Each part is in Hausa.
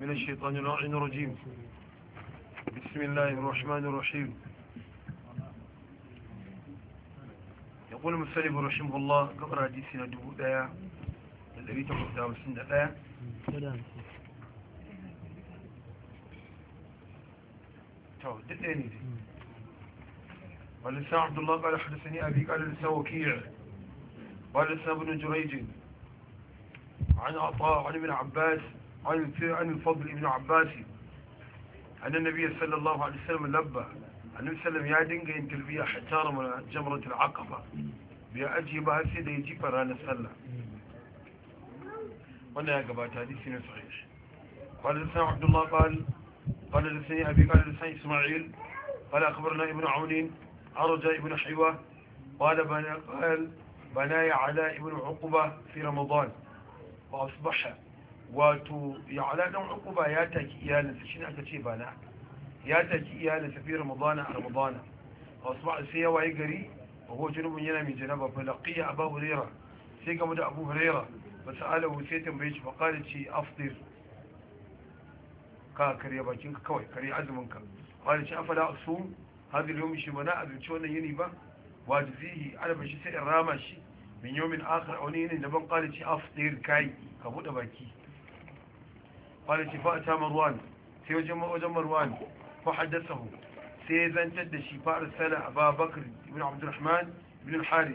من الشيطان الرعين الرجيم بسم الله الرحمن الرحيم يقول المسلم رحمه الله قبر حديثنا دبو دايا الذي تقول دام سنة دايا قال لسان عبد الله قال حدثني أبي قال لسان وكيع قال لسان بن جريج عن عطاء عن ابن عباس عن الفضل ابن عباس أن النبي صلى الله عليه وسلم لبى النبي صلى الله عليه وسلم يا دنجا ينتلبية حتى من جمرة العقبة بأجيبها سيدة يجيب رانا صلى وانا يا قبات سنة صحيح قال لسان عبد الله قال قال لسان أبي قال لسان إسماعيل قال أخبرنا ابن عونين أرجى ابن حيوة قال بنا قال بناي على ابن عقبة في رمضان وأصبح wato ya ala uku ba ya taki iyalinsa shi ne aka ce ba na ya taki iyalinsa fi ramadana a ramadana a wasu ba'a sai ya waye gari a hojji rubin yana mai janaba fa a babu rera sai game da abu rera ba su alahu sai tambaye shi faƙari ce afdir ka karya bakin ka kawai karya azumin ka ƙwari ce afala su hadir yomi shi mana azumci wannan yini ba zihi wajizihi alabashi sai in rama shi min yomin akhar a wani yinin daban ƙwari ce afdir kai ka buɗe baki قال فأتى مروان sai wajen marwan fa haddathahu sai zantar da shi fa arsala abubakar ibn abdurrahman ibn al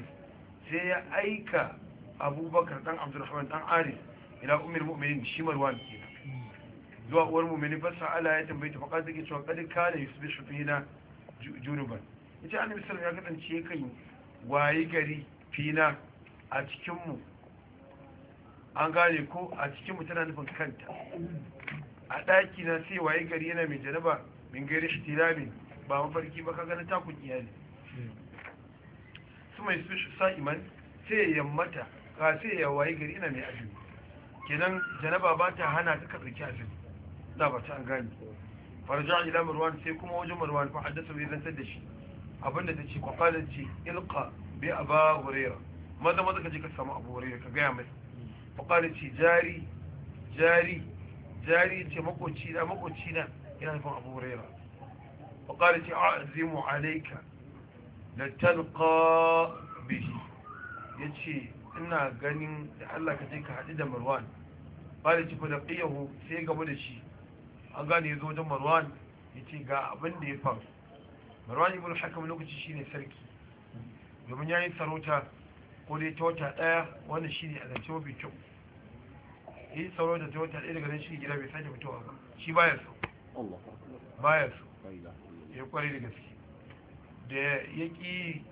sai ya aika abubakar dan abdurrahman dan harith ila ummul mu'minin shi marwan zuwa uwar mu'minin fa sa'ala ya tambaye ta faqad zake cewa kad kana yusbihu fina junuban yace annabi sallallahu alaihi wasallam ya kasance kan wayi gari fina a cikin mu an gane ko a cikin mutum tana nufin kanta a ɗaki na sai waye gari yana mai janaba min gari shi tilami ba mafarki ba ka gani takun iyali su mai su sa'iman sai ya yammata ka sai ya waye gari yana mai azumi kenan janaba ba ta hana ta ka tsaki azumi na ba ta an gane farja ila marwan sai kuma wajen marwan fa haddasa bai zantar da shi abinda ta ce kwakwalar ce ilka bai aba hurera maza maza ka je ka samu abu hurera ka gaya mai faƙari ce jari jari jari ce makoci na makoci na yana nufin abu raira faƙari ce azimu alaika da talqa bihi ya ce ina ganin da allah ka je ka haɗu da marwan bada ci fada ƙiyahu sai gaba da shi an gane ya zo wajen marwan ya ce ga abin da ya faru marwan ibn hakam lokaci shine sarki domin ya yi sarauta ko dai ta wata ɗaya wannan shi ne a zance mafi kyau yi sauran da ta wata ɗaya daga nan shi gida bai sake fitowa ba shi baya so baya so ya kwari da gaske da ya ƙi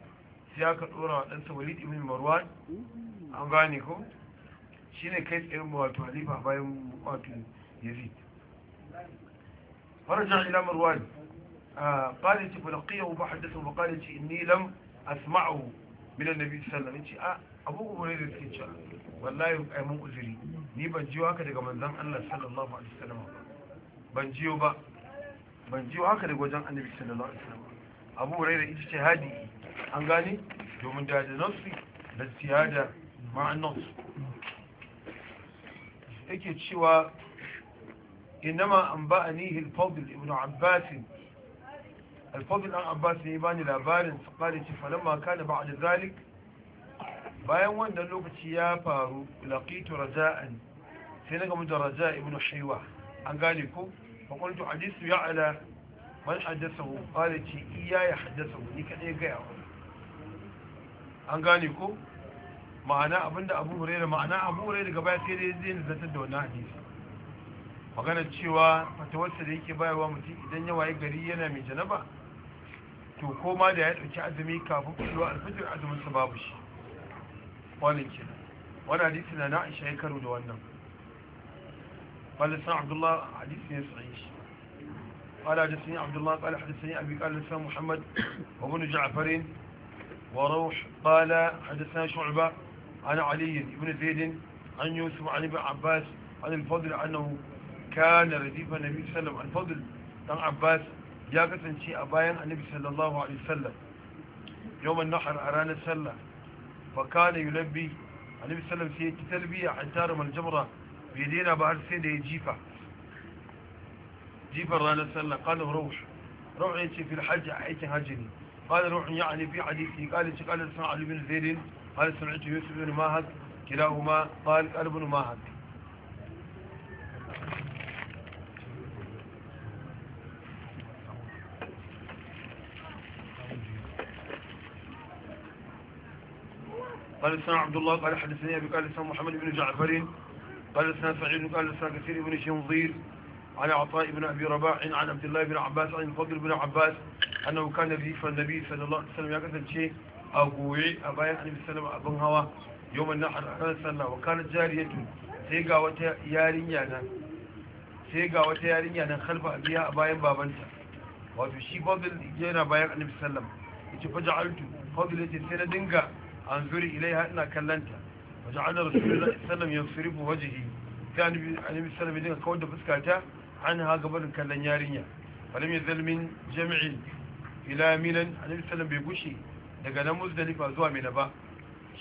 sai ka ɗora wa ɗansa walid ibn marwan an gane ko shi ne kai tsayin wato halifa bayan wato yazid فرجع إلى مروان قال فلقيه فحدثه وقال إني لم أسمعه minan nabi sallallahu alaihi ce a ah, abu gure da suke cewa wallahi ai mun uzuri ni ban jiyo haka daga manzon Allah sallallahu alaihi wasallam ban jiyo ba ban jiyo haka daga wajen annabi sallallahu alaihi wasallam abu gure da ita ce hadi an gane domin da da nafsi da siyada ma'an nafs yake cewa إنما أنبأنيه الفضل ابن Abbas. alfadul an abbas ya bani labarin su kare ce falamma a da zalik bayan wanda lokaci ya faru laqitu raja'an sai na gamu da raja ibn shaywa an gane ko fa qultu hadithu ya'la man haddathahu qala ce iya ya haddathahu ni kadai gaya wa. an gane ko ma'ana abinda abu hurairah ma'ana abu hurairah gaba sai dai zai zantar da wannan hadisi Maganar cewa fatawarsa da yake bayarwa mutum idan yawa ya gari yana mai janaba to koma da ya ɗauki azumi kafin kusurwa alfajir azumin su babu shi wannan kenan wani hadisi na na'isha ya karo da wannan قال سنة حديث يسعيش قال حدثني عبد الله قال حدثني أبي قال لسان محمد وابن جعفر وروح قال حدثنا شعبة عن علي بن زيد عن يوسف عن ابن عباس عن الفضل أنه كان رديف النبي صلى الله عليه وسلم الفضل عن عباس ya kasance a bayan annabi sallallahu alaihi wasallam yawman nahar a ranar sallah fa kana yulabbi annabi sallallahu alaihi wasallam sai ya tarbiya talbiya a jamra bi dina ba har sai da ya jifa jifar ranar sallah kana ruh ruh ya ce fil hajji a aikin hajji ne kana ruh ya ani fi hadisi kana shi kana san ali bin zaidin kana sami'tu yusuf bin mahad kilahuma qala qalbun mahad قال لسنا عبد الله قال حدثني أبي قال لسنا محمد بن جعفر قال لسنا سعيد قال لسنا كثير بن شنظير عن عطاء بن أبي رباح عن عبد الله بن عباس عن الفضل بن عباس أنه كان به فالنبي صلى الله عليه وسلم يكثر شيء أقوي أبايا النبي صلى الله عليه وسلم أبن هوا يوم النحر أحنا صلى وكانت جارية سيقى وتيارينا سيقى وتيارينا خلف أبيها أبايا بابنسا وفي شيء فضل جينا بايا النبي صلى الله عليه وسلم فجعلت فضل يتسنى دنقى an zuri ilaiha ina kallanta waje an da rasulullah sallam ya surifu wajihi ta annabi sallam ya dinga kawar da fuskata an ha gabanin kallon yarinya falam yazal min jam'i ila minan annabi sallam bai gushe daga nan muzdalifa zuwa mina ba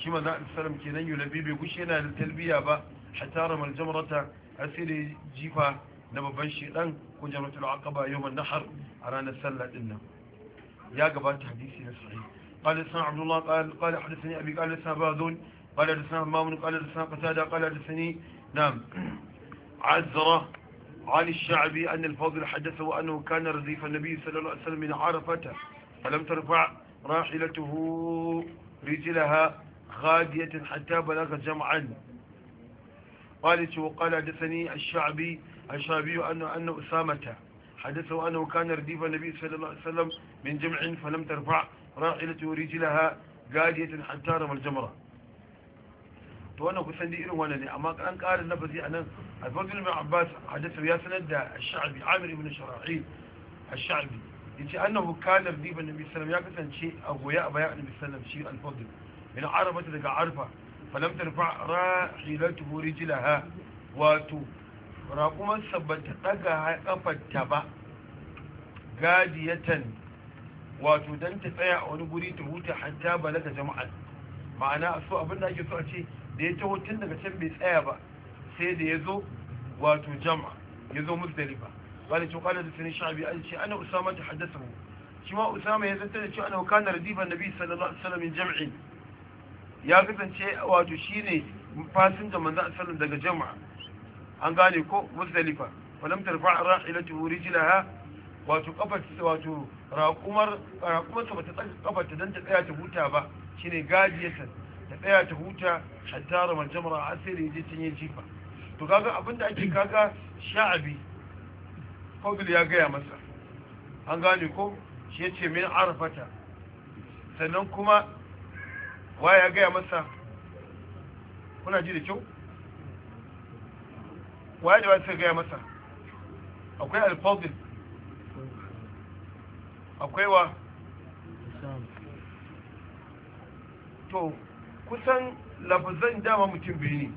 shi manzo a sallam kenan yulabi bai gushe na da talbiya ba a tara hatta ramal jamrata asiri jifa na babban shedan ko jamratul aqaba yawm an-nahr a ranar sallah din nan ya gabata hadisi na sahih قال حدثنا عبد الله قال قال حدثني أبي قال حدثنا باذون قال حدثنا همام قال حدثنا قتادة قال حدثني نعم عزرة عن الشعبي أن الفاضل حدثه أنه كان رديف النبي صلى الله عليه وسلم من عرفته فلم ترفع راحلته رجلها خادية حتى بلغ جمعا قالت وقال حدثني الشعبي الشعبي أنه, أنه أسامة حدثه أنه كان رديف النبي صلى الله عليه وسلم من جمع فلم ترفع ra'ilatu rijlaha gadiyatun hatta ramal jamra to wannan kusan dai irin wannan ne amma an ƙara lafazi anan al-fadl ibn abbas ya sanar da ash-sha'bi amir ibn shar'i ash-sha'bi yace annahu kana riban nabi sallallahu ya kasance a goya a bayan nabi sallallahu shi daga arfa falam tarfa ra'ilatuhu rijlaha wato raƙuman sabbata daga ba gadiyatan wato dan ta tsaya a wani guri ta huta ba daga jama'a ma'ana so abin da ake so a ce da ya taho tun daga can bai tsaya ba sai da ya zo wato jama'a ya zo musdalifa قال ce ana usama ta haddasa mu أسامة تحدثه شما أسامة يزنتني شو أنه كان رديف النبي صلى الله عليه وسلم من جمع ya kasance wato shine fasinja manzo sallallahu daga jama'a an gane ko musdalifa falam tarfa' rahilatu rijlaha wato kafar wato raƙumar raƙumar ta bata tsaka kafar ta dan ta tsaya ta huta ba shine gajiyata ta tsaya ta huta hatta ramar jamra asiri je tinye jifa to kaga abinda ake kaga sha'abi fadl ya gaya masa an gane ko shi yace min arfata sannan kuma wa ya gaya masa kuna ji da kyau wa ya da wasu gaya masa akwai alfadl akwai wa to kusan lafazan dama mutum biyu ne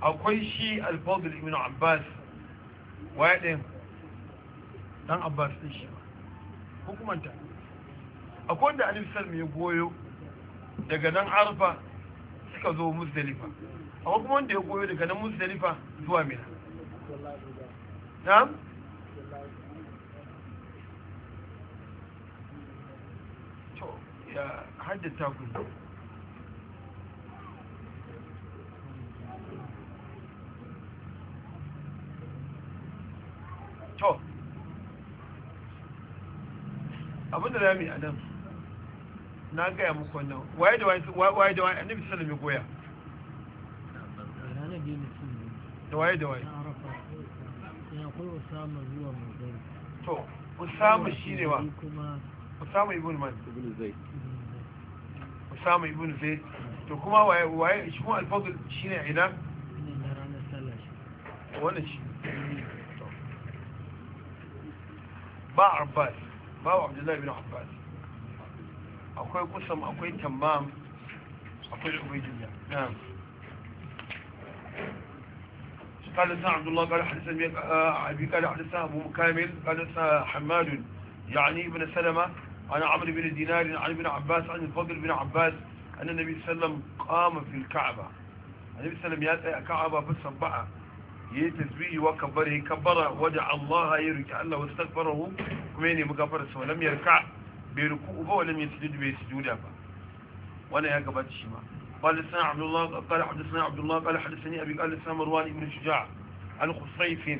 akwai shi da ibn abbas waya ɗin dan abbas ɗin shi hukumanta akwai wanda alifisar mai goyo daga nan arfa suka zo musdalifa akwai kuma wanda ya goyo daga nan musdalifa zuwa mina na'am da haddata ku to abinda za mu yi a nan na gaya muku wannan waye da waye da waye annabi sallallahu alaihi goya da waye da waye zuwa to usama shi ne wa usama ibn man ibn zaid أسامة بن زيد تكما وهي وهي اسمه الفضل شين عنا وانا با عباس با عبد الله بن عباس أخوي قسم أخوي تمام أخوي عبيد الله نعم قال لسان عبد الله قال حدثنا آه، أبي قال حدثنا أبو مكامل قال لسان حمال يعني ابن سلمة عن عمرو بن دينار عن ابن عباس عن الفضل بن عباس أن النبي صلى الله عليه وسلم قام في الكعبة النبي صلى الله عليه وسلم الكعبة فسبعها يي تسبيه وكبره كبره ودع الله يرجع الله واستغفره كمين مغفر سو لم يركع بركوبه ولم يسجد أبا وانا يا جماعه شيما قال سنا عبد الله قال حدثنا عبد الله قال حدثني ابي قال سنا مروان بن شجاع عن خصيف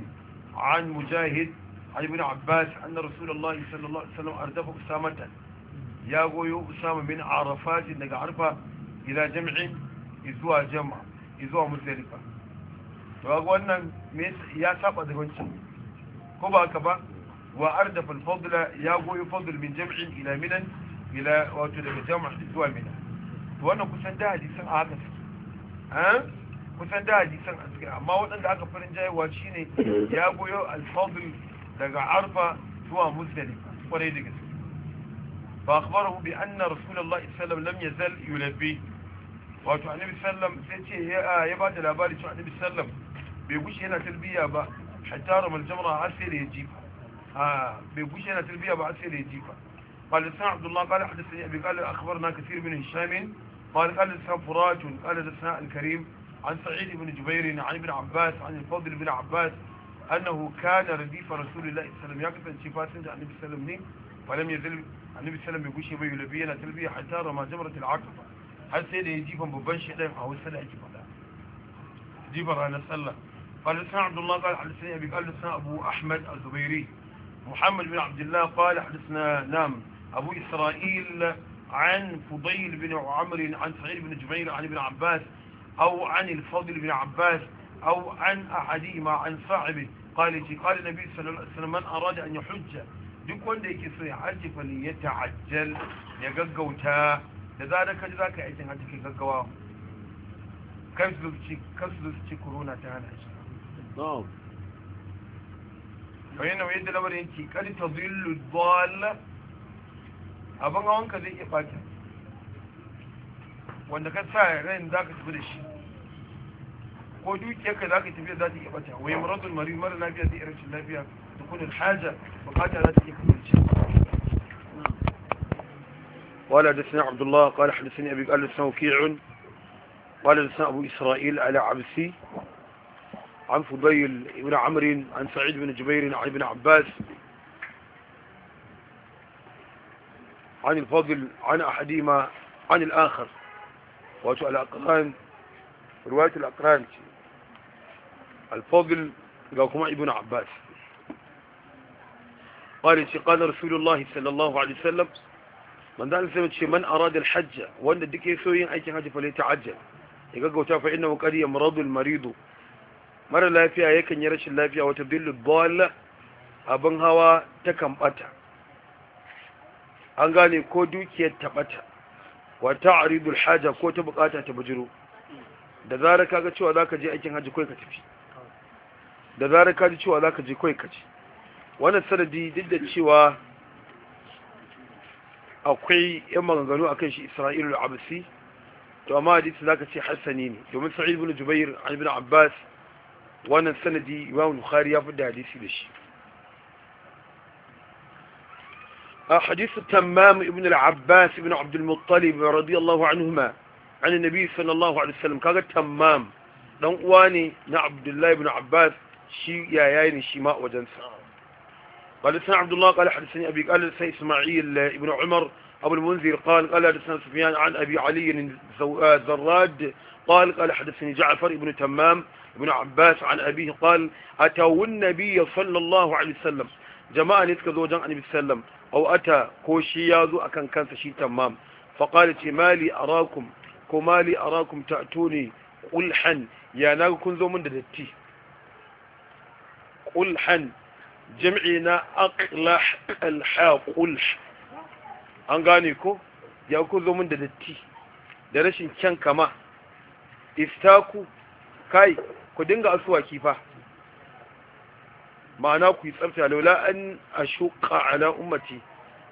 عن مجاهد عن ابن عباس أن رسول الله صلى الله عليه وسلم أردف أسامة يا غيو أسامة من عرفات إنك عرفة إلى جمع إذوا جمع إذوا مزدلفة فأقول أن يا سابة دهونش كبا كبا وأردف الفضل يا غيو فضل من جمع إلى منن إلى وتلك جمع إلى منن وأنا كسان ده حديثا عاكس ها kusan da hadisan سن amma waɗanda aka farin jayewa shine ya goyo alfadul daga arfa zuwa muzdalifa kwarai da gaske fa akhbarahu bi anna rasulullahi sallallahu alaihi wasallam lam yazal wato annabi sallam sai ce ya ah, ba da labari cewa annabi sallam bai gushe yana talbiya ba hatta ramal jamra har sai da ya jifa ah, bai gushe yana talbiya ba har sai da ya jifa قال لسان عبد الله قال حدثني أبي قال أخبرنا كثير من هشام قال قال لسان فراج قال لسان الكريم عن سعيد بن جبير عن ابن عباس عن الفضل بن عباس أنه كان رديف رسول الله صلى الله عليه وسلم يقف أن عن النبي صلى الله عليه وسلم ولم يزل النبي صلى الله عليه وسلم يقول شيء يلبينا لبيه حتى رمى جمرة العقبة هل سيدي يجيبا ببن شيئا أو السنة يجيب هذا يجيب رانا صلى قال لسنا عبد الله قال حدثنا أبي قال لسنا أبو أحمد الزبيري محمد بن عبد الله قال حدثنا نام أبو إسرائيل عن فضيل بن عمر عن سعيد بن جبير عن ابن عباس أو عن الفضل بن عباس أو عن أحدهما عن صاحبه قال قال النبي صلى الله عليه وسلم من أراد أن يحج duk wanda yake so ya hajji fali ya ta'ajjal ya gaggauta da za zarar ka ji za ka yi aikin hajji kai gaggawa kan su ci corona ta hana shi bayan na yadda lamarin yake kadi ta zillu dole abin ka zai iya fata wanda ka sa ran za ka tafi da shi ko dukiyarka za ka tafiya za ta iya bata wai maradun mari mara lafiya zai rashin lafiya da kunin haja bukata za ta kasance قال حدثنا عبد الله قال حدثني أبي قال حدثنا وكيع قال حدثنا أبو إسرائيل على عبسي عن فضيل بن عمر عن سعيد بن جبير عن ابن عباس عن الفضل عن أحدهما عن الآخر رواية الأقران رواية الأقران al-fadl ga kuma ibn abbas قال شي قال رسول الله صلى الله عليه وسلم من ذا الزمن شي من أراد الحج وأن ديك يسوين أي حاجة فليتعجل يقول تعرف إنه قد يمرض المريض مرة لا فيها يكن يرش لا فيها وتبدل الضالة abin hawa takan bata an gane ko dukiyar ta bata wata aridul haja ko ta bukata ta bujiro da zarar kaga cewa zaka je aikin haji kai ka tafi da zarar ka ji cewa za ka je kawai ka ci wannan sanadi duk da cewa akwai yan maganganu akan shi isra'ilu al-abasi to amma hadisi zaka ce hasani ne domin sa'id ibn jubair ibn abbas wannan sanadi imam bukhari ya fada hadisi da shi a hadisi tamam ibn al-abbas ibn abd al-muttalib radiyallahu anhuma an annabi sallallahu alaihi wasallam kaga tamam dan uwa ne na abdullahi ibn abbas shi yaya ne shi ma a wajensa قال حدثنا عبد الله قال حدثني أبي قال حدثني إسماعيل ابن عمر أبو المنذر قال قال حدثنا سفيان عن أبي علي الزراد قال قال حدثني جعفر ابن تمام ابن عباس عن أبيه قال أتوا النبي صلى الله عليه وسلم جماعة نتكذو جان النبي صلى الله عليه وسلم أو أتى كوشياذو أكن كان شي تمام فقالت ما لي أراكم كما لي أراكم تأتوني قلحا يا ناكو كنزو من دلتي قلحا جمعنا أقلح قلحا قلح an gane ko ya ku zo min da datti da rashin kyan kama istaku kai ku dinga asuwaki fa ma'ana ku yi tsafta laula an ashuqa ala ummati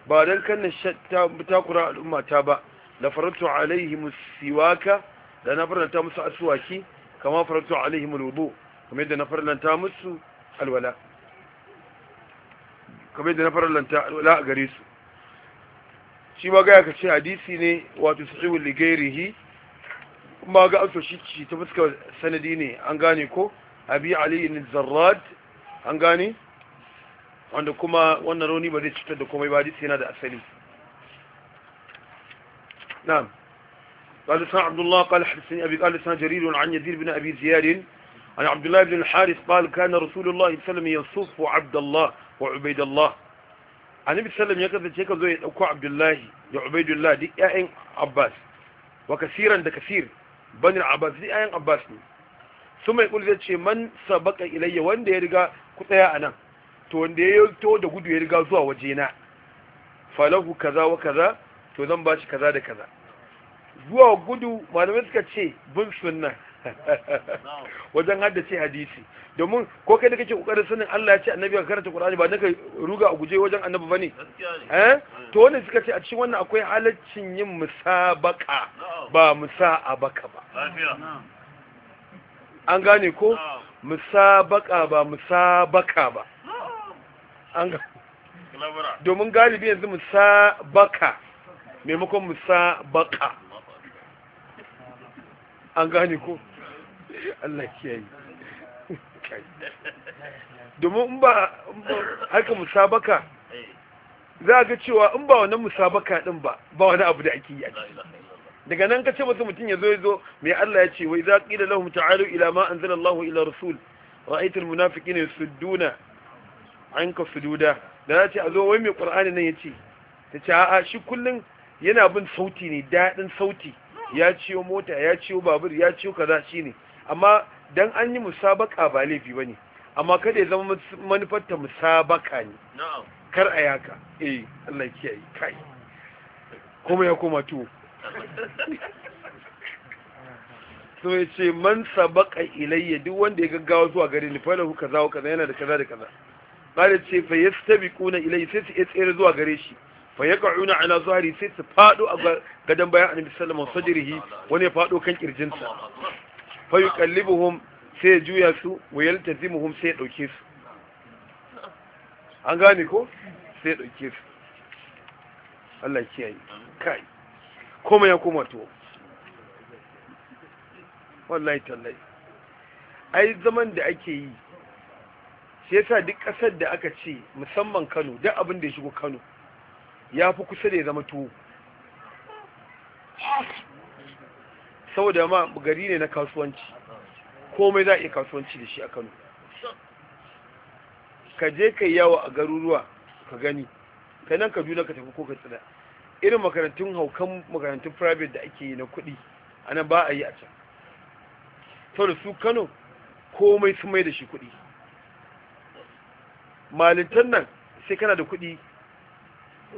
ba dan kan shatta takura al'ummata ba la faratu alaihim siwaka da na faranta musu asuwaki kama faratu alaihim alwudu kuma yadda na faranta musu alwala kamar da na farallanta alwala a gare su shi ma gaya ka ce hadisi ne wato sahihul ligairihi kuma ga an shi ta fuskar sanadi ne an gane ko abi ali ibn zarrad an gane wanda kuma wannan rauni ba zai cutar da komai ba hadisi yana da asali na'am قال سعد عبد الله قال حدثني أبي قال سعد جرير عن يزيد بن أبي زياد عن عبد الله بن الحارث قال كان رسول الله صلى الله عليه وسلم يصف عبد الله وعبيد الله annabi sallam ya kasance ka zo ya dauko abdullahi da ubaidullah duk ƴaƴan abbas wa kasiran da kasir banin abbas duk ƴaƴan abbas ne su mai kul ce man sabaka ilayya wanda ya riga ku tsaya nan? to wanda ya to da gudu ya riga zuwa waje na falahu kaza wa kaza to zan ba shi kaza da kaza zuwa gudu malamai suka ce bin sunna wajen haddace hadisi domin ko kai da kake kokarin sanin Allah ya ce annabi ka karanta Qur'ani ba naka ruga a guje wajen annabi bane eh to wannan suka ce a cikin wannan akwai halaccin yin musabaka ba musa'abaka ba an gane ko musabaka ba musabaka ba an gane domin galibi yanzu musabaka maimakon musabaka an gane ko Allah kiyaye domin in ba haka musabaka za ga cewa in ba wannan musabaka din ba ba wani abu da ake yi a ciki daga nan ka ce masa mutum ya zo ya zo mai Allah ya ce wai za da lahum ta'alu ila ma anzala Allah ila rasul ra'ayta almunafiqina yasudduna anka sududa da za ce a zo wai mai qur'ani nan ya ce ta ce a'a shi kullun yana bin sauti ne daɗin sauti ya ciyo mota ya ciyo babur ya ciyo kaza ne. amma dan an yi musabaka ba laifi ba ne amma kada ya zama manufarta musabaka ne kar a yaka eh Allah ya kiyaye kai kuma ya koma tuwo so ya ce man sabaka ilayya duk wanda ya gaggawa zuwa gare ni fa lahu kaza kaza yana da kaza da kaza da ce fa yastabiquna ilayya sai su tsere zuwa gare shi fa yaq'una ala zahri sai su fado a gadan bayan annabi sallallahu alaihi wasallam wani ya fado kan kirjinsa fa hum sai juya su wa hum sai dauke su an gane ko sai dauke su Allah kiyaye kai koma ya koma to wallahi tallahi ai zaman da ake yi sai yasa duk kasar da aka ce musamman Kano duk abin da ya shigo Kano ya fi kusa da ya zama tuwo saboda ma gari ne na kasuwanci komai za a iya kasuwanci da shi a kano ka je ka yawo a garuruwa ka gani ka nan ka juna ka tafi ko ka tsada irin makarantun haukan makarantun private da ake yi na kuɗi a ba a yi a can saboda su kano komai su mai da shi kuɗi malintan nan sai kana da kuɗi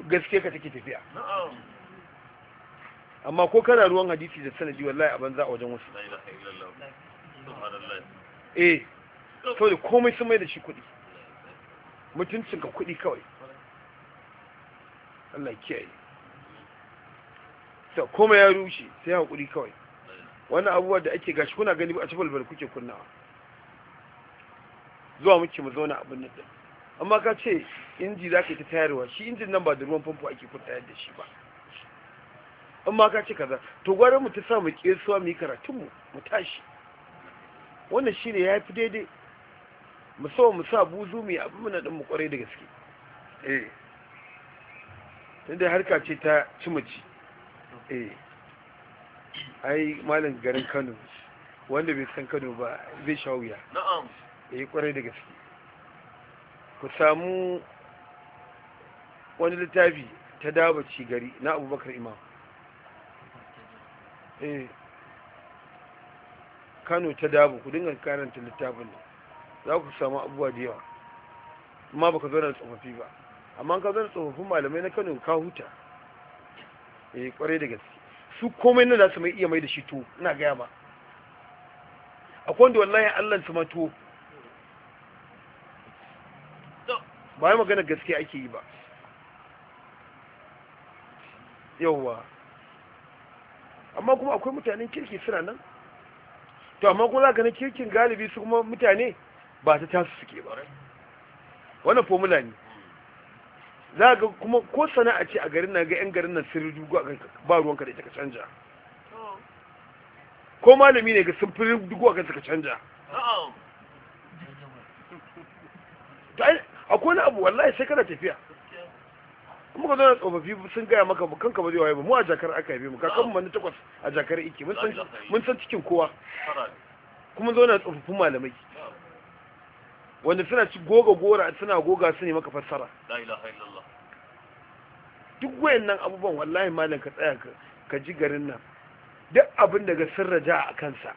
gaske ka take tafiya amma ko kana ruwan hadisi da sanadi wallahi a banza a wajen wasu eh da komai sun mai da shi kuɗi mutuncin ka kuɗi kawai Allah yi so komai ya rushe sai ya hakuri kawai wannan abubuwa da ake gashi kuna gani a cikin balbal kuke kunnawa zuwa muke mu zauna abin nan amma ka ce inji za ka yi ta tayarwa shi injin nan ba da ruwan famfo ake kun tayar da shi ba in ma ka kaza to gwara mu ta sa mu suwa mu yi karatun mu mu tashi wannan shine ya fi daidai mu so mu sa buzu mu yi mu na ɗin mu kwarai da gaske eh tunda harka ce ta cimaci eh ai malam garin Kano wanda bai san Kano ba zai sha wuya na'am eh kwarai da gaske ku samu wani littafi ta dabaci gari na Abubakar Imam Eh. kano ta dabu ku dinga karanta littafin ne za ku samu abubuwa da yawa amma ba ka zo da tsofaffi ba amma ka zo da tsofaffin malamai na kano ka huta e eh, kwarai da gaske su komai na za su mai iya mai da shi to ina gaya ba akwai wanda wallahi Allah su mato tuwo ba yi magana gaske ake yi ba yawwa amma kuma akwai mutanen kirki suna nan to amma kuma zaka na kirkin galibi su kuma mutane ba ta tasu suke ba wannan formula ne za ga kuma ko sana'a ce a garin na ga yan garin nan sirri dugu ba ruwan ka da ita ka canja ko malami ne ga sun fi dugu a kansa ka canja akwai wani abu wallahi sai kana tafiya muka zo da tsofaffi sun gaya maka mu kanka ba zai waye ba mu a jakar aka yi mu kakan mu takwas a jakar iki mun san mun san cikin kowa kuma zo na tsofaffin malamai wanda suna ci goga gora suna goga su ne maka fassara la ilaha illallah duk wayannan abubuwan wallahi malam ka tsaya ka ji garin nan duk abin ga sirra ja a kansa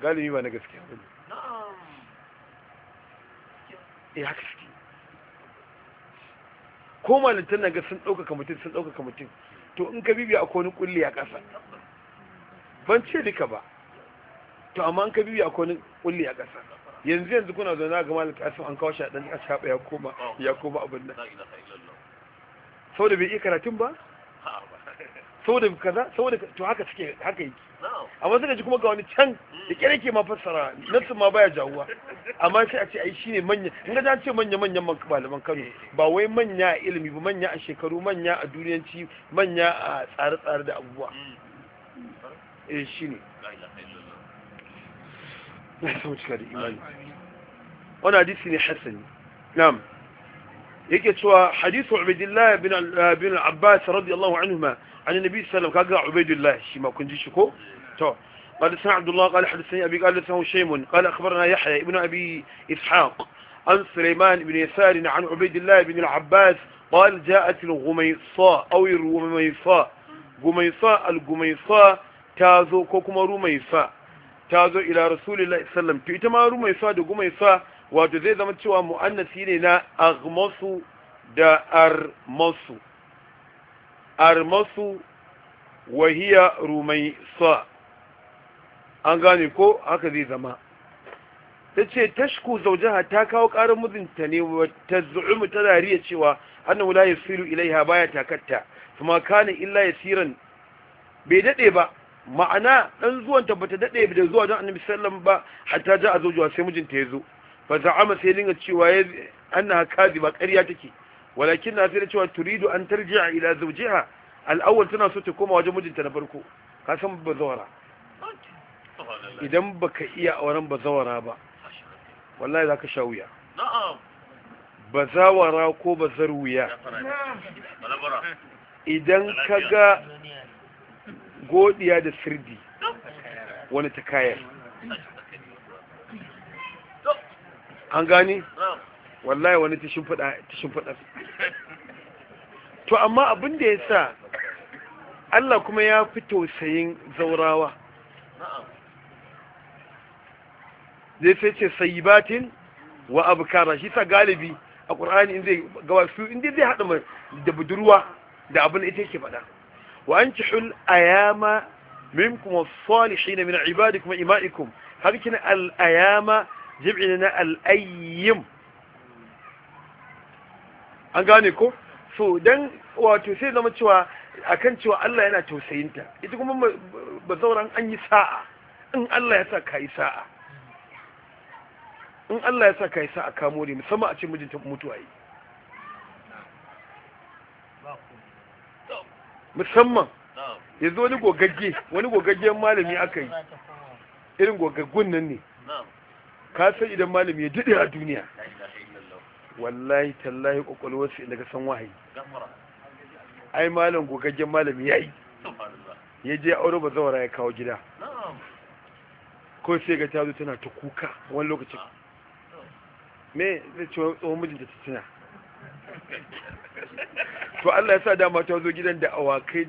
galibi ba na gaskiya ba na'am eh haka ko malintan na ga sun ɗaukaka mutum sun ɗaukaka mutum to in ka bibiya akwai wani kulli a ƙasa ban ce duka ba to amma in ka bibiya akwai wani kulli a ƙasa yanzu yanzu kuna zaune ga malam kasim an kawo shi a ɗan ƙasa ya koma ya koma abin nan saboda bai iya karatun ba saboda kaza saboda to haka suke haka yake amma suka ji kuma ga wani can da kere mm. ke ma fassara nasu ma baya jawuwa amma sai a ce ai shine manya in ga ta ce manya manyan malaman Kano eh. ba wai manya a ilimi ba manya a shekaru manya a duniyanci manya a tsare-tsare da abubuwa mm. eh shine na sau cika da imani wani hadisi ne hasani na'am yake cewa hadisu ubaidillahi bin abbas radiyallahu anhu ma عن النبي صلى الله عليه وسلم قال عبيد الله شيما كنت شكو تو قال سنا عبد الله قال حدثني أبي قال لسه شيم قال أخبرنا يحيى ابن أبي إسحاق عن سليمان بن يسار عن عبيد الله بن العباس قال جاءت الغميصاء أو الغميصاء غميصاء الغميصاء تازو كوكما رميصاء تازو إلى رسول الله صلى الله عليه وسلم تيتما رميصاء دو غميصاء wato zai zama cewa mu'annasi ne na aghmasu da armasu armasu wahiya rumai sa an gane ko haka zai zama ta ce tashku zaujaha ta kawo ƙarar mijinta ne ta zu'umu ta dariya cewa annahu la yasiru ilaiha baya takatta kuma kana illa siran bai daɗe ba ma'ana ɗan zuwan bata daɗe da zuwa don annabi sallam ba ta ja a zuwa sai mijinta ya zo fa za'ama sai dinga cewa annaha ba ƙarya take walakin na sai cewa turidu an tarji'a ila zawjiha al-awwal tana so ta koma wajen mijinta na farko ka san bazawara idan baka iya auren bazawara ba wallahi zaka sha wuya bazawara ko wuya idan kaga godiya da sirdi wani ta kayar an gani wallahi wani ta to amma abin da ya sa Allah kuma ya fi tausayin zaurawa zai sai ce sayibatin wa abukara shi sa galibi a ƙur'ani in zai gawa su inda zai haɗa da budurwa da abin ita yake faɗa wa an ci hul ayama minkum as-salihin min kuma ima'ikum har kina al’ayama ayama na alayyim. an gane ko so dan wato sai zama cewa akan cewa Allah yana tausayinta ita kuma ba zauren an yi sa'a in Allah ya sa ka yi sa'a in Allah ya sa ka yi sa'a kamo ne musamman a ce mijinta mutuwa yi musamman yanzu wani gogagge wani gogaggen malami aka yi irin gogaggun nan ne ka san idan malami ya dade a duniya wallahi tallahi kwakwalwarsu inda ka san wahayi ai malam gogaggen malam ya yi ya je aure ba zawara ya kawo gida ko sai ga ta zo tana ta kuka wani lokacin me zai ce tsohon mijinta ta tuna to Allah ya sa dama ta zo gidan da awakai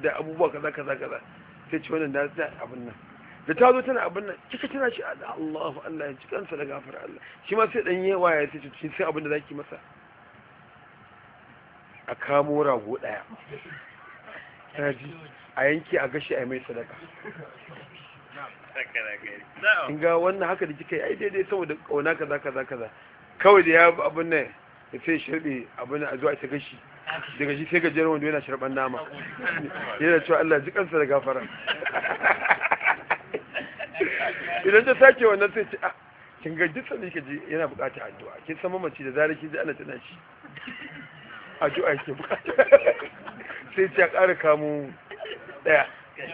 da abubuwa kaza kaza kaza sai ce wannan na abin nan da ta zo tana abin nan kika tana shi a Allahu Allah ya ji kansa da gafara Allah shi ma sai dan yi ya ce, ci sai abin da zaki masa a kamo rago daya taji a yanki a gashi a mai sadaka in ga wannan haka da kika yi ai daidai saboda kauna kaza kaza kaza kawai da ya abin nan ya sai shirbe abin a zuwa ta gashi daga shi sai gajeren wanda yana sharban nama yana cewa Allah ji kansa da gafara idan ta sake wannan sai ce a ah, kin ga duk sani ka yana bukata addu'a kin san mamaci da zarar kin ji Allah tana shi addu'a ke bukata sai ta ƙara kamo daya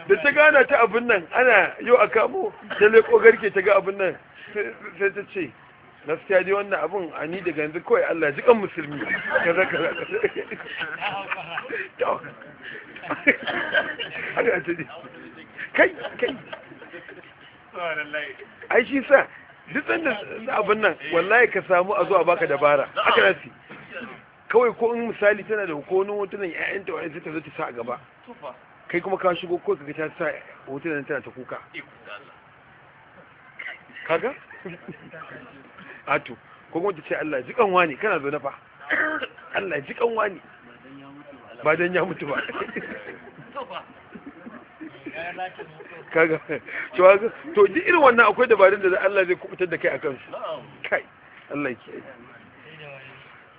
da ta gana ta abin nan ana yau a kamo ta leko garke ta ga abin nan sai ta ce gaskiya dai wannan abun a ni daga yanzu kawai Allah ji kan musulmi kaza kaza kaza kai kai ai shi sa duk sanda abin nan wallahi ka samu a zuwa baka dabara aka rasi kawai ko in misali tana da hukunin hotunan ƴaƴanta wani zata ta zo ta sa a gaba kai kuma ka shigo ko kaga ta sa hotunan tana ta kuka kaga ato ko kuma ta ce Allah ji kanwa ne kana zo na fa Allah ji kanwa ne ba dan ya mutu ba kaga to to duk irin wannan akwai dabarun da Allah zai kubutar da kai akan su kai Allah ya kiyaye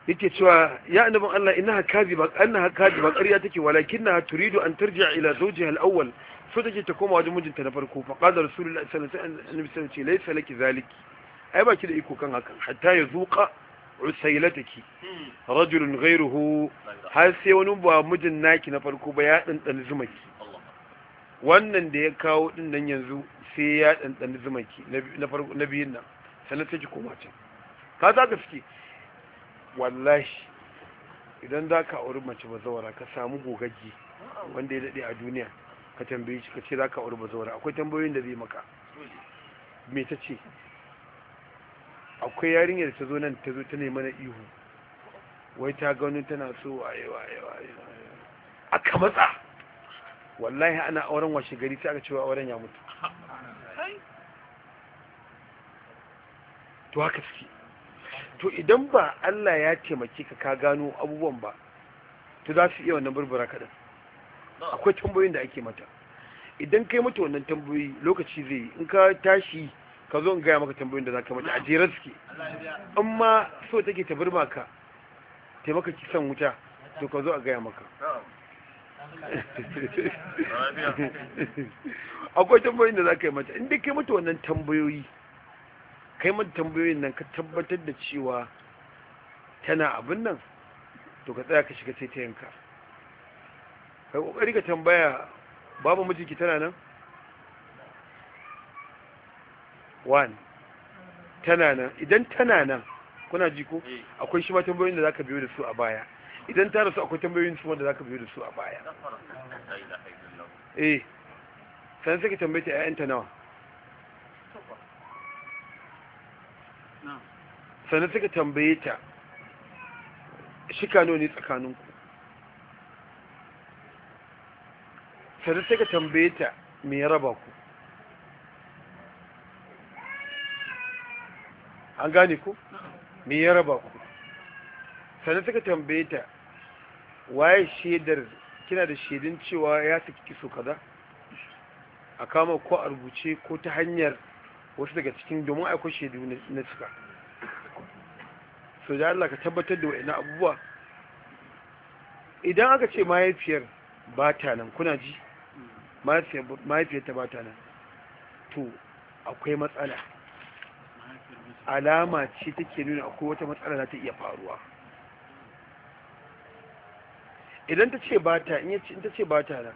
yake cewa ya annabin Allah innaha kadiba annaha kadiba ƙarya take walakinnaha turidu an tarji'a ila zawjiha al-awwal so take ta koma wajen mijinta na farko fa qala rasulullahi sallallahu alaihi wasallam ce laysa laki zaliki ai baki da iko kan hakan hatta yazuqa usailataki rajulun ghayruhu har sai wani ba mijin naki na farko ba ya dandan zumaki wannan da ya kawo din nan yanzu sai ya ɗanɗani zumanki na farko na biyun nan sannan sai ki koma can ka za ka suke wallahi idan za ka auri mace bazawara ka samu gogaggi wanda ya daɗe a duniya ka tambaye shi ka ce za ka auri bazawara akwai tambayoyin da zai maka me ta ce akwai yarinyar ta zo nan ta zo ta nema na ihu wai ta gano tana so waye waye waye aka matsa wallahi ana auren washe gari sai aka cewa auren ya mutu to haka suke to idan ba Allah ya taimake ka ka gano abubuwan ba to za su iya wannan burbura kaɗan akwai tambayoyin da ake mata idan kai mata wannan tambayoyi lokaci zai yi in ka tashi ka zo in gaya maka tambayoyin da za ka mata a jerar suke in ma so take ta burma ka taimaka ki san wuta to ka zo a gaya maka akwai tambayoyin da za ka yi mata inda kai mata wannan tambayoyi kai mata tambayoyin nan ka tabbatar da cewa tana abin nan to ka tsaya ka shiga sai ta yanka kai kokari ka tambaya babu mijinki tana nan one tana nan idan tana nan kuna ji ko eh. akwai shi ma tambayoyin da za ka biyo da su a baya idan ta rasu akwai tambayoyin su wanda za ka biyu da su a baya eh sannan sai ka tambaye ta 'ya'yanta nawa sannan suka tambaye ta shikano ne tsakaninku sannan suka tambaye ta me ya raba ku an gane ku me ya raba ku sannan suka tambaye ta waye shaidar kina da shaidun cewa ya saki kiso kaza a kama ko a rubuce ko ta hanyar wasu daga cikin domin aiko shaidu na suka. so da Allah ka tabbatar da wa'ina abubuwa idan aka ce mahaifiyar ba ta nan kuna ji mahaifiyar ta ba ta nan to akwai matsala alama ce take nuna akwai wata matsala za ta iya faruwa idan ta ce ba ta in ta ce ba ta da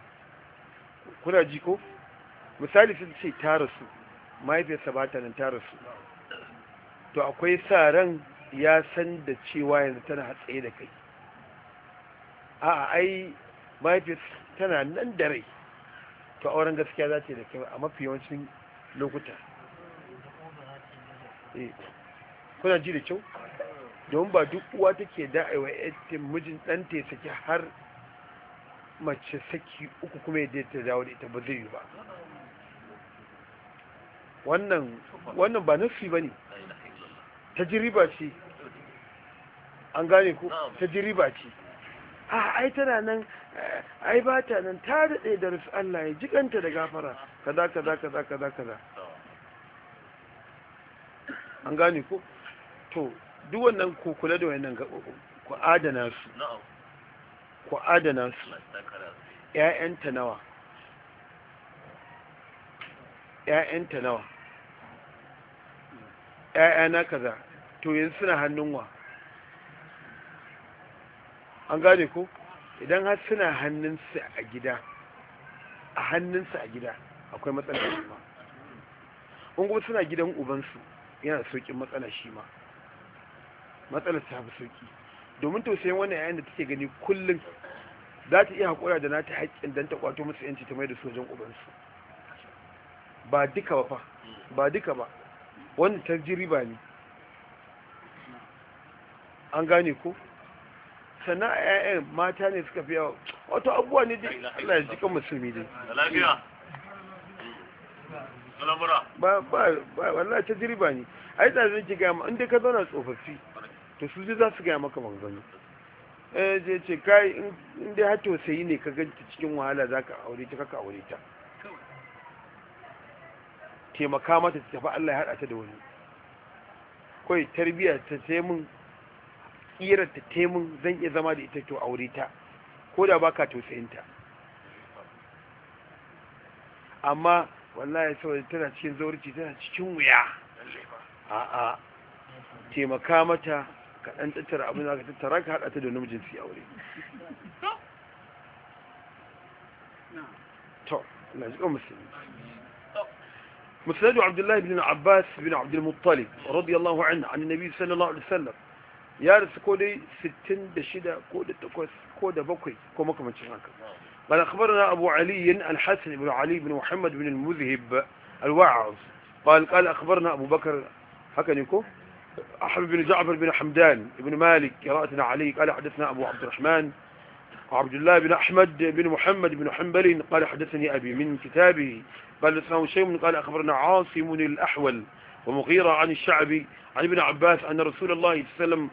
kuna ji ko misali sun ce ta rasu mahaifiyarsa ba ta nan ta rasu to akwai sa ran ya san da cewa yanzu tana hatsaye da kai a a ai mahaifiyarsa tana nan da rai to auren gaskiya za ta yi da kyau a mafi yawancin lokuta eh, kuna ji da kyau domin ba duk uwa take da aiwa mijin ɗanta ya saki har mace saki uku kuma yadda ta dawo da ita ba zai yi ba wannan ba nufi ba ne ta jiriba ce an gane ku ta jiriba ce a ai tana nan eh, ai ba ta nan ta daɗe da rufi Allah ya jikanta da gafara kaza kaza kaza kaza kaza an gane ku to duk wannan ko kula da wannan ga ku adana su ku adana su ‘ya'yanta nawa ‘ya'yanta nawa ‘ya'yana kaza to yanzu suna hannun wa an gane ku? idan har suna hannunsu a gida a hannunsu a gida akwai matsala shi ma in kuma suna gidan ubansu yana sauƙin matsala shi ma matsalar ta fi sauƙi domin tausayin wannan yayin da take gani kullum za ta iya haƙura da nata haƙƙin don ta kwato musu yanci ta mai da sojan ubansu ba duka ba fa ba duka ba wanda ta ji riba ne an gane ko sannan a 'ya'yan mata ne suka fi yawa wato abubuwa ne dai Allah ya jikan musulmi dai ba ba wallahi ta jiriba ne ai da zan ki ga mu inda ka zauna tsofaffi to su zai za su gaya maka manzanni eh zai ce kai in dai to tausayi ne ka ganta cikin wahala za ka aure ta kaka aure ta taimaka mata ta tafi Allah ya haɗa ta da wani kawai tarbiyya ta sai mun tsirar ta taimun zan iya zama da ita to aure ta ko da baka tausayinta amma wallahi saboda tana cikin zaurci tana cikin wuya a'a taimaka mata ka tattara abin za ka tattara ka haɗa ta da to na jiƙa musulmi مسند عبد الله بن عباس بن عبد المطلب رضي الله عنه عن النبي صلى الله عليه وسلم ya rasu ستين دشدة 66 ko da 8 ko da 7 قال أخبرنا أبو علي الحسن بن علي بن محمد بن المذهب الواعظ قال قال أخبرنا أبو بكر هكذا يكون أحمد بن جعفر بن حمدان بن مالك قراءتنا عليه قال حدثنا أبو عبد الرحمن عبد الله بن أحمد بن محمد بن حنبل قال حدثني أبي من كتابه قال لسناه شيء من قال أخبرنا عاصم الأحول ومغيرة عن الشعبي عن ابن عباس أن رسول الله صلى الله عليه وسلم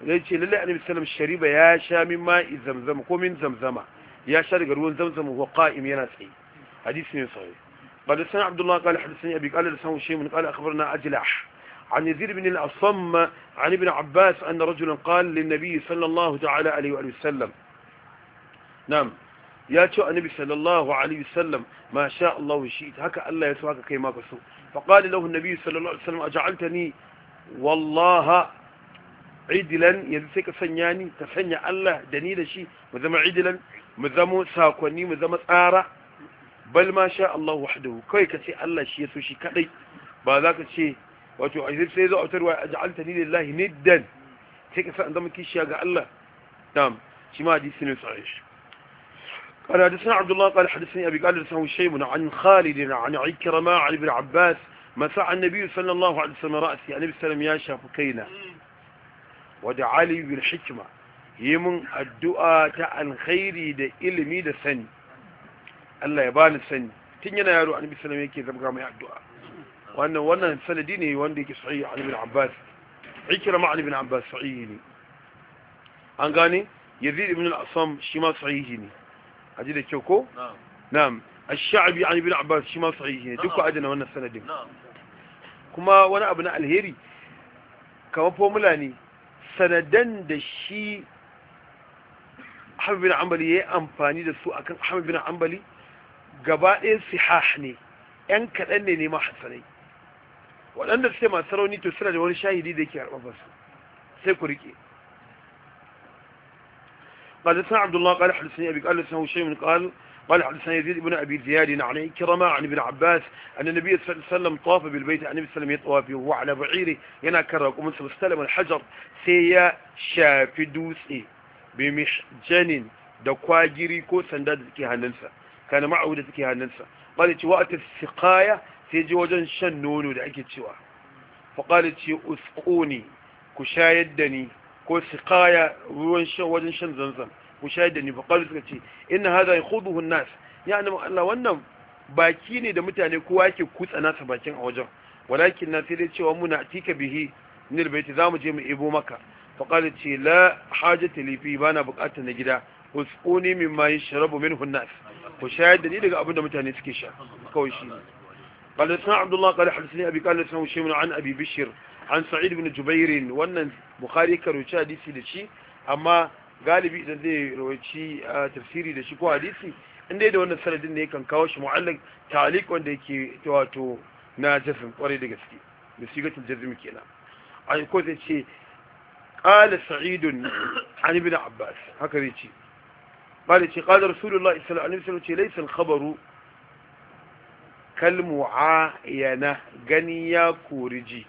ليش لا النبي صلى الشريبة يا شا من ماء زمزم كو من زمزمة يا شا روان زمزم وهو قائم يا ناسي حديث صحيح قال لسنا عبد الله قال حدثني أبي قال لسناه شيء من قال أخبرنا أجلح عن يزيد بن الأصم عن ابن عباس أن رجلا قال للنبي صلى الله تعالى عليه وآله وسلم نعم يا شو النبي صلى الله عليه وسلم ما شاء الله وشيت هكا الله يسوى هكا كيما قصو فقال له النبي صلى الله عليه وسلم أجعلتني والله عدلا يزيك يعني سنياني تسنيا الله دنيل شي مذما عدلا مذما ساكوني مذما أرى بل ما شاء الله وحده كيكتي الله شيء يسوشي كدي بعد ذاك wato azib sai zo autarwa ja'alta ni lillahi niddan sai ka san zama kishiya ga Allah tam shi ma hadisi ne sahih قال حدثنا عبد الله قال حدثني أبي قال حدثه شيء عن خالد عن عكرمة عن ابن عباس مسع النبي صلى الله عليه وسلم رأسي يعني بسلم يا شافكينا ودعا لي بالحكمة يمن الدعاء عن خيري دا إلمي دا سني الله يبان السني تنينا يا رو أنا بسلم يكي زبقى ما يدعاء wannan wannan sanadi ne wanda yake sahihi an ibn abbas ikrama an ibn abbas sahihi ne an gane yazid ibn al-asam shi ma sahihi ne aji da kyau ko na'am ash-sha'bi an ibn abbas shi ma sahihi ne duk ajina wannan sanadin kuma wani abu na alheri kamar formula ne sanadan da shi Ahmad bin Ambali ya yi amfani da su akan Ahmad bin Ambali gaba ɗaya sihah ne ‘yan kaɗan ne ne ma hasanai waɗanda suke masu rauni to suna da wani shahidi da yake harɓar basu sai ku riƙe قال حدثنا عبد الله قال حدثني أبي قال حدثنا شيء من قال قال حدثنا يزيد بن أبي زياد عن كرما عن ابن عباس أن النبي صلى الله عليه وسلم طاف بالبيت عن النبي صلى الله عليه وسلم يطوف وعلى بعيره ينكرك ومن استلم الحجر سيا شاف دوسي بمحجن دقواجري كو سنداد كي هننسى كان معوده دكي هننسى قال وقت السقاية sai je wajen shan nono da ake cewa faƙali ce usquni ku shayar da ni ko kaya ruwan shan wajen shan zanzan ku shayar da ni faƙali suka ce inna hadha yakhuduhu an-nas ya annabi Allah wannan baki ne da mutane kowa yake kutsa nasa bakin a wajen walakin na sai dai cewa muna tika bihi nil baiti zamu je mu ibo maka faƙali ce la hajata li ba bana buƙatar na gida usquni mimma yashrabu minhu an-nas ku shayar da ni daga abin da mutane suke sha kawai shi ne قال لسنا عبد الله قال حدثني أبي قال لسنا وشيمنا عن أبي بشر عن سعيد بن جبير وأن بخاري كروشا ديسي لشي أما galibi idan zai rawaci tafsiri da shi ko hadisi in dai da wannan sanadin ne yakan kawo shi mu'allaq ta'liq wanda yake wato na jazm kwarai da gaske da sigatul jazm kenan ai ko zai ce qala sa'id an ibn abbas haka zai ce qala ce qala rasulullahi sallallahu alaihi wasallam ce laysa al-khabaru kalmu yana gani ya kori ji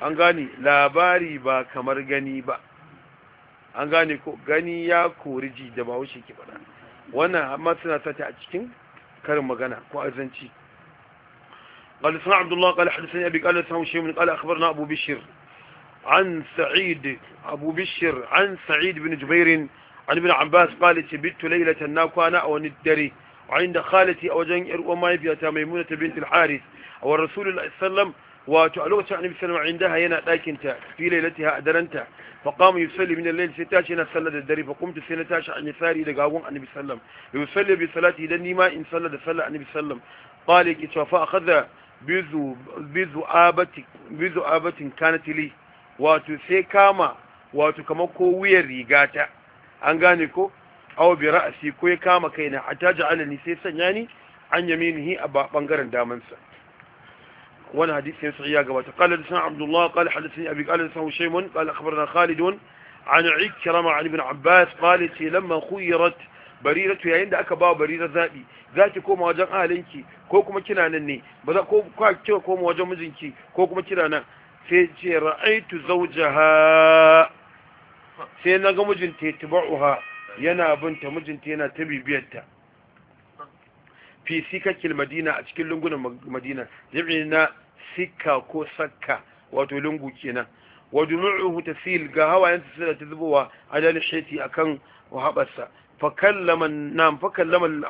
an gani labari ba kamar gani ba an gani ko gani ya kori ji da ba wuce ki faɗa wannan amma suna sata a cikin karin magana ko azanci قال سمع عبد الله قال حدثني أبي قال سمع شيء من قال أخبرنا أبو بشر عن سعيد أبو بشر عن سعيد بن جبير عن ابن عباس قال تبت ليلة ناكوانا أو ندري inda khalati a wajen yar uwan mahaifiyata maimuna ta bintul haris wa rasulullahi sallam wato a lokacin annabi sallallahu alaihi wasallam yana dakin ta fi lailatiha a daranta fa qama yusalli min al-layl sai tashi yana sallar da dare fa kumtu sai na tashi an yasari daga hagun annabi sallam yusalli bi salati dan nima in sallar da sallar annabi sallam qala ki fa akhadha bizu bizu abati bizu abatin kanat li wato sai kama wato kamar ko wuyar rigata an gane ko aw bi ra'si ko ya kama kaina hatta ni sai sanya ni an yaminihi a bangaren sa wani hadisi sai sai ya gabata qala lisan abdullah qala hadathani abi qala lisan shaymun qala akhbarana khalid an ikrama ali ibn abbas qala shi lamma khuyirat bariratu yayin da aka ba barira zabi zaki koma wajen ahalinki ko kuma kina nan ne ba za ko kika koma wajen mijinki ko kuma kina nan sai ce ra'aitu zawjaha sai naga mijinta tibauha yana binta mijinta yana ta bibiyarta fi sikakil madina a cikin lungunan madina jami'i na sika ko sakka wato lungu kenan wa jumu'uhu tasil ga hawayen suna ta zubowa adal shati akan wahabarsa fa kallama nam fa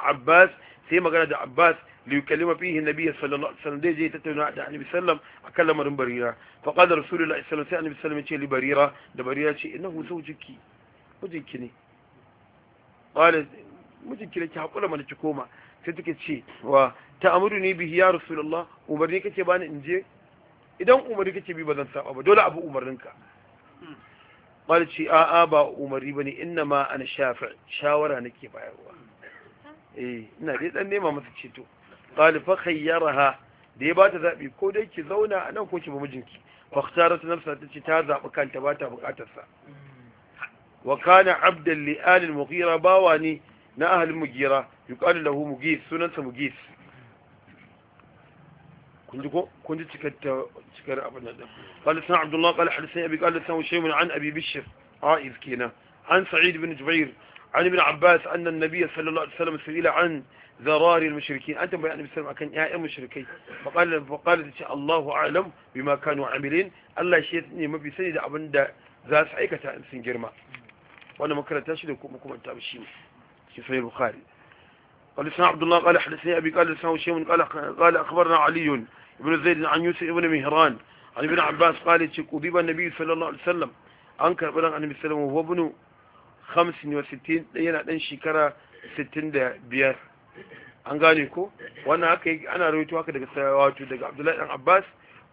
abbas sai magana da abbas ليكلم فيه النبي صلى الله عليه وسلم دي جي تتونا عن النبي صلى الله عليه وسلم أكلم من بريرة فقال رسول الله صلى الله عليه وسلم النبي صلى الله عليه وسلم لبريرة qala mijin ki ki hakura mana ki koma sai take ce wa ta'amuruni bihi ya rasulullah umarni kake bani in je idan umarni kake bi bazan saba ba dole abu umarninka qala ce a a ba umarni bane inna ma ana shafi shawara nake bayarwa eh ina dai dan nema masa ceto qala fa khayyaraha da ya bata zabi ko dai ki zauna anan ko ki ba mijinki fa ikhtarat nafsa ce ta zabi kanta ba ta bukatar وكان عبدا لآل المغيرة باواني نا أهل المغيرة يقال له مغيث سننسى مغيث كنت كنت تكر أبنى قال لسنا عبد الله قال حدثني أبي قال لسنة شيء عن أبي بشر عائذ كينا عن سعيد بن جبير عن ابن عباس أن النبي صلى الله عليه وسلم سئل عن ذراري المشركين أنت بيان النبي صلى الله عليه وسلم كان يا المشركين فقال فقال الله أعلم بما كانوا عاملين الله شيء ما بيسني أبن ذا سعيكة إنسان جرمان وانا مكرت اشد وكم انت بشيم في صحيح البخاري قال لسنا عبد الله قال حدثني ابي قال لسنا هشام قال قال اخبرنا علي ابن زيد عن يوسف ابن مهران عن ابن عباس قال قضيب النبي صلى الله عليه وسلم انكر بلغ عن النبي صلى الله عليه وسلم وهو ابن 65 yana dan shekara 65 an gane ko wannan haka ana rawaito haka daga wato daga Abdullahi dan Abbas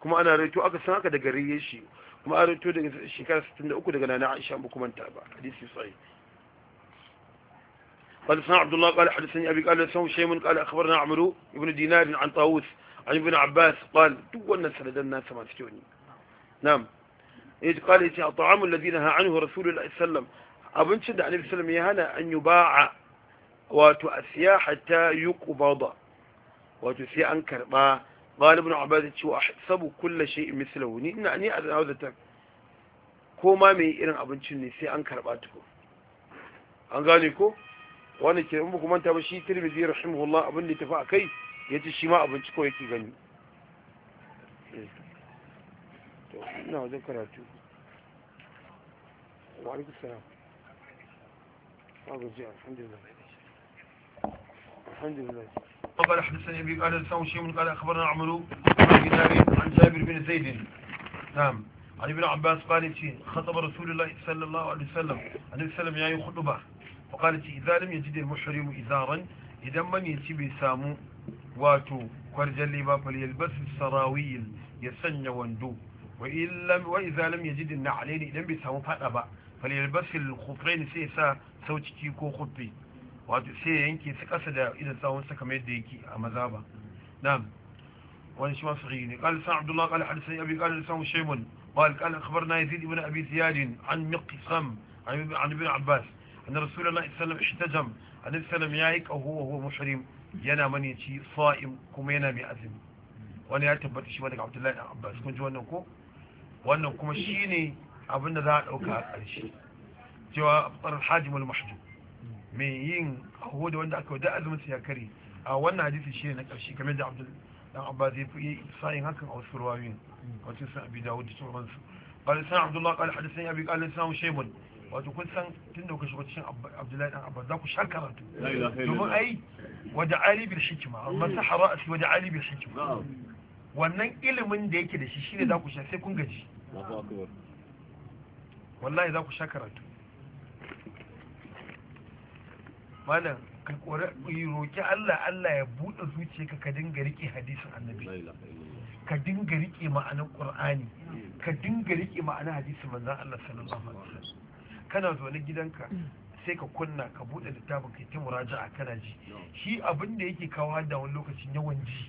kuma ana rawaito aka san haka daga riye shi kuma an rito daga shekara 63 daga nana aisha ba kuma ta ba hadisi sai قال سنا عبد الله قال حدثني أبي قال لسه شيء قال أخبرنا عمرو ابن دينار عن طاووس عن ابن عباس قال دون سند الناس ما تجوني نعم إذ قال إذا الطعام الذي نهى عنه رسول الله صلى الله عليه وسلم أبن شد عن النبي صلى الله عليه وسلم أن يباع وتؤسيا حتى يقبض وتؤسيا أنكر ما قال ابن عباد cewa احسب كل شيء مثله ni ان ni a zawata ko ma me irin abincin ne sai an karba tuko an gane ko wani ke in ku manta ba shi Tirmidhi rahimahullah abin da tafi akai yace shi ma abinci ko yake gani وقال حدثني ابي قال حدثنا شيء قال اخبرنا عمرو بن جابر عن جابر بن زيد نعم عن ابن عباس قال خطب رسول الله صلى الله عليه وسلم عليه وسلم يعني خطبه فقال اذا لم يجد المحرم ازارا اذا من يتي بسامو واتو kwarjalli ba falyalbasu sarawiyil ya sanya wando wa illam wa idza lam yajid an idan bai samu fada ba falyalbasu al-khufrayn sai ya sa sauciki ko khuffi wato sai yanke su kasa da idan tsawon sa kamar yadda yake a maza ba na'am wani shi masu ne qala sa abdullah qala hadathani abi qala sa shaymun qala qala akhbarna yazid ibn abi ziyad an miqsam an ibn abbas anna rasulullah sallallahu alaihi wasallam ihtajam annabi ya yi qahu wa huwa muhrim yana mani ci sa'im kuma yana mai azim wani ya tabbata shi daga abdullahi ibn abbas kun ji wannan ko wannan kuma shine abinda za a dauka a ƙarshe cewa tsar hajimul mahjub mai yin aho da wanda aka wada azumin ya kare a wannan hadisi shi na ƙarshe game da abdul dan abbas zai fi sa'in hakan a wasu ruwayoyin wato sun abi dawud da sauransu قال سنة عبد الله قال حدثني أبي قال سنة شيبون wato kun san tun da ku shiga cikin abdullahi dan abbas za ku sha karatu domin ai wada ali bil hikma amma sahara asi wada ali bil hikma wannan ilimin da yake da shi shine za ku sha sai kun gaji wallahi za ku sha karatu malam ka kore roki Allah Allah ya bude zuciyarka ka dinga rike hadisin annabi ka dinga rike ma'anar qur'ani ka dinga rike ma'anar hadisin manzon Allah sallallahu alaihi wasallam kana zo ne gidanka sai ka kunna ka bude littafin ka ta muraja'a kana ji shi abin da yake kawo da wani lokacin yawan ji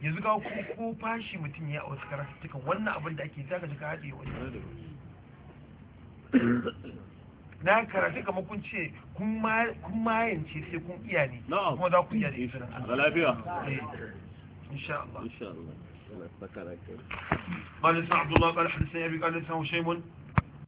yanzu ga ko fashi mutum ya a wasu wannan abin da ake zaka ji ka haɗe wani na karatu kamar kun ce kun mayance sai kun iya ne kuma za ku iya da izinin a lafiya eh. insha Allah insha Allah بقال حدثني ابي قال حدثني هشيم